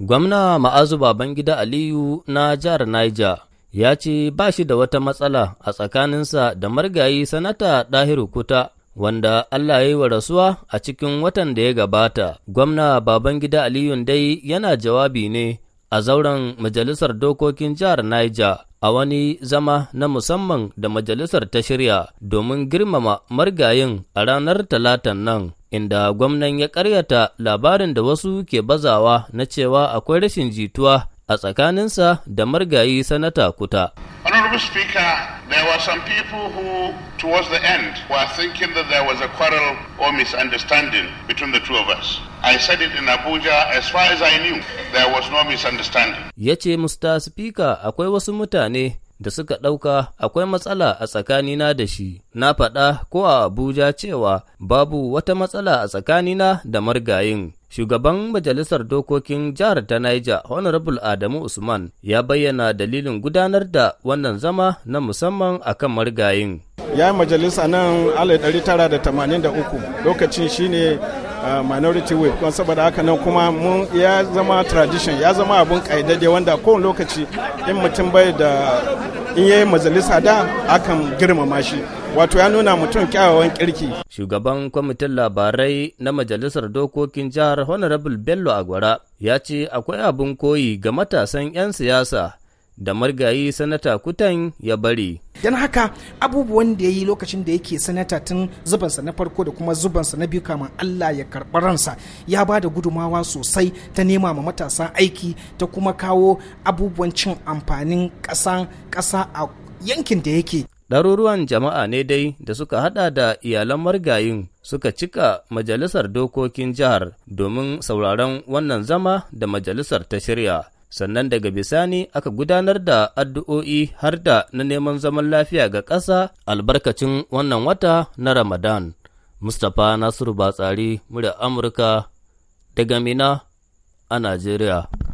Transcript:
Gwamna Ma'azu Babangida Aliyu na jihar Niger ya ce ba shi da wata matsala a tsakaninsa da margayi sanata Ɗahiru Kuta wanda Allah ya yi wa rasuwa a cikin watan da ya gabata. Gwamna Babangida Aliyu dai yana jawabi ne a zauren Majalisar Dokokin Jihar Niger a wani zama na musamman da Majalisar ta shirya domin girmama margayin a ranar Talatan nan. inda gwamnan ya karyata labarin da wasu ke bazawa na cewa akwai rashin jituwa a tsakaninsa da margayi sanata kuta. Honorable Speaker, there were some people who, towards the end, were thinking that there was a quarrel or misunderstanding between the two of us. I said it in Abuja, as far as I knew, there was no misunderstanding. Ya Mr. Speaker, akwai wasu mutane da suka ɗauka akwai matsala a tsakanina da shi, na faɗa ko a Abuja cewa babu wata matsala a tsakanina da margayin. Shugaban Majalisar Dokokin Jihar ta Niger, Honorable Adamu Usman, ya bayyana dalilin gudanar da wannan zama na musamman a kan margayin. Ya yi majalisa nan 1983 lokacin shine minority whip saboda haka nan kuma mun ya zama tradition ya zama abun kaidade wanda kowane lokaci in mutum bai da in yayi majalisa da akan girmama shi wato ya nuna mutum kyawawan kirki. Shugaban kwamitin labarai na Majalisar Dokokin Jihar Honorable Bello Agwara ya ce akwai abin koyi ga matasan 'yan siyasa da margayi Sanata Kutan ya bari. don haka abubuwan da ya yi lokacin da yake sanata tun zubansa na farko da kuma zubansa na biyu kamar allah ya karɓi ransa ya ba da gudumawa sosai ta nema ma matasa aiki ta kuma kawo abubuwan cin amfanin ƙasa a yankin da yake ɗaruruwan jama'a ne dai da suka hada da iyalan margayin suka cika majalisar dokokin jihar domin sauraron wannan zama da majalisar ta shirya sannan daga bisani aka gudanar da addu'o'i har da na neman zaman lafiya ga ƙasa albarkacin wannan wata na Ramadan. Mustapha Nasiru Batsari, murya Amurka, daga Mina a Najeriya.